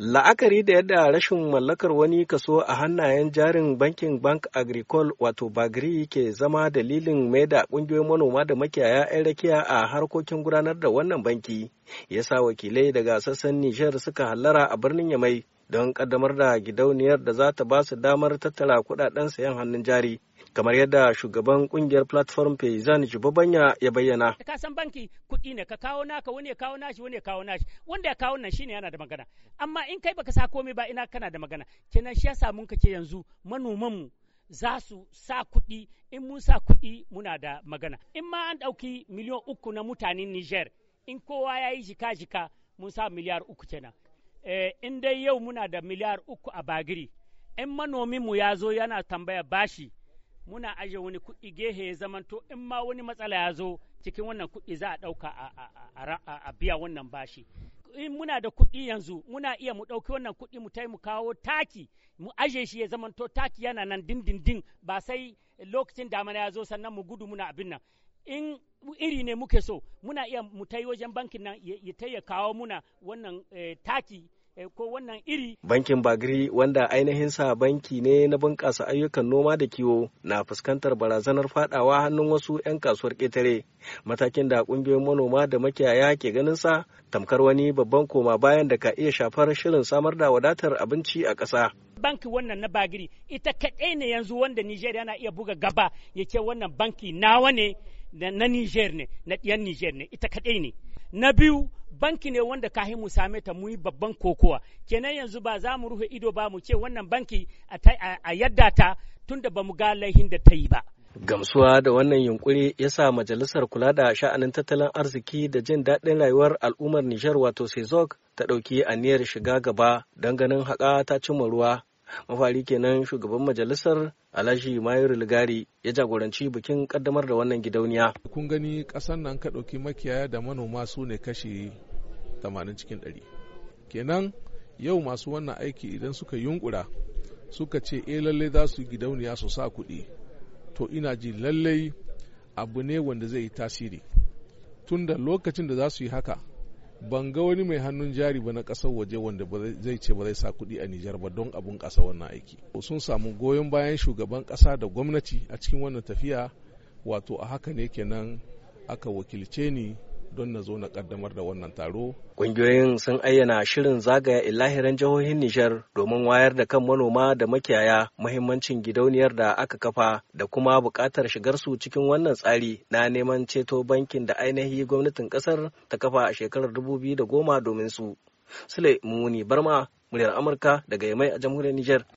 La'akari da yadda rashin mallakar wani kaso a hannayen jarin bankin Bank Agricole wato Bagri ke zama dalilin mai da ƙungiyoyin manoma da makiyaya 'yan rakiya a harkokin gudanar da wannan banki, ya sa wakilai daga sassan Nijar suka hallara a birnin Yamai don kaddamar da gidauniyar da za ta ba su damar tattara kudaden sayan hannun jari kamar yadda shugaban kungiyar platform peizan Jibobanya ya bayyana. Ka san banki kuɗi ne ka kawo naka wani ya kawo nashi wani ya kawo nashi wanda ya kawo nan shine yana da magana amma in kai baka sa komai ba ina kana da magana kenan shi yasa mun kace yanzu manoman mu za su sa kuɗi in mun sa kuɗi muna da magana in ma an ɗauki miliyan uku na mutanen Niger in kowa ya yi jika-jika mun sa miliyar uku kenan Eh, in dai yau muna da miliyar uku a bagiri in manominmu ya zo yana tambaya bashi muna aje wani kuɗi gehe ya zamanto in ma wani matsala ya zo cikin wannan kuɗi za a ɗauka a biya wannan bashi in muna da kuɗi yanzu muna iya mu ɗauki wannan kuɗi mu tai mu kawo taki mu aje shi ya zamanto taki yana nan dindindin ba sai lokacin damana ya zo sannan mu gudu muna abin nan in iri ne muke so muna iya mu wajen bankin nan ya ya kawo muna wannan eh, taki eh, ko wannan iri. Bankin Bagri wanda ainihin sa banki ne na bunƙasa ayyukan noma da kiwo na fuskantar barazanar fadawa hannun wasu 'yan kasuwar ƙetare matakin da ƙungiyoyin manoma da makiyaya ke ganin sa tamkar wani babban koma bayan da ka iya shafar shirin samar da wadatar abinci a ƙasa. banki wannan na bagiri ita kaɗai ne yanzu wanda Nijeriya na iya buga gaba ya ce wannan banki nawa ne na Niger ne na ɗiyan Niger ne ita kaɗai ne na biyu banki ne wanda kahin mu same ta muyi babban kokowa kenan yanzu ba za mu rufe ido ba mu ce wannan banki a yadda ta tunda ba mu ga laihin da ta yi ba gamsuwa da wannan yunkuri ya sa majalisar kula da sha'anin tattalin arziki da jin daɗin rayuwar al'ummar nijar wato sezok ta ɗauki aniyar shiga gaba don ganin haƙa ta cimma ruwa mafari kenan shugaban majalisar alhaji mayur ligari ya jagoranci bikin kaddamar da wannan gidauniya kun gani ƙasan nan ka ɗauki makiyaya da manoma su ne kashi 80 cikin 100 kenan yau masu wannan aiki idan suka yunkura suka ce e eh, lallai za su gidauniya su sa kuɗi to ina ji lallai abu ne wanda zai yi tasiri tunda lokacin da za su yi haka ban ga wani mai hannun jari ba na ƙasar waje wanda zai ce ba zai sa kuɗi a Nijar ba don abun ƙasa wannan aiki. Sun samu goyon bayan shugaban ƙasa da gwamnati a cikin wannan tafiya wato a haka ne kenan aka wakilce ni don na zo na kaddamar da wannan taro. Ƙungiyoyin sun ayyana shirin zagaya ilahiran jihohin Nijar domin wayar da kan manoma da makiyaya muhimmancin gidauniyar da aka kafa da kuma buƙatar shigarsu cikin wannan tsari na neman ceto bankin da ainihi gwamnatin ƙasar ta kafa a shekarar dubu biyu da goma domin su. Sule Muni Barma, muryar Amurka daga Yamai a jamhuriyar Nijar.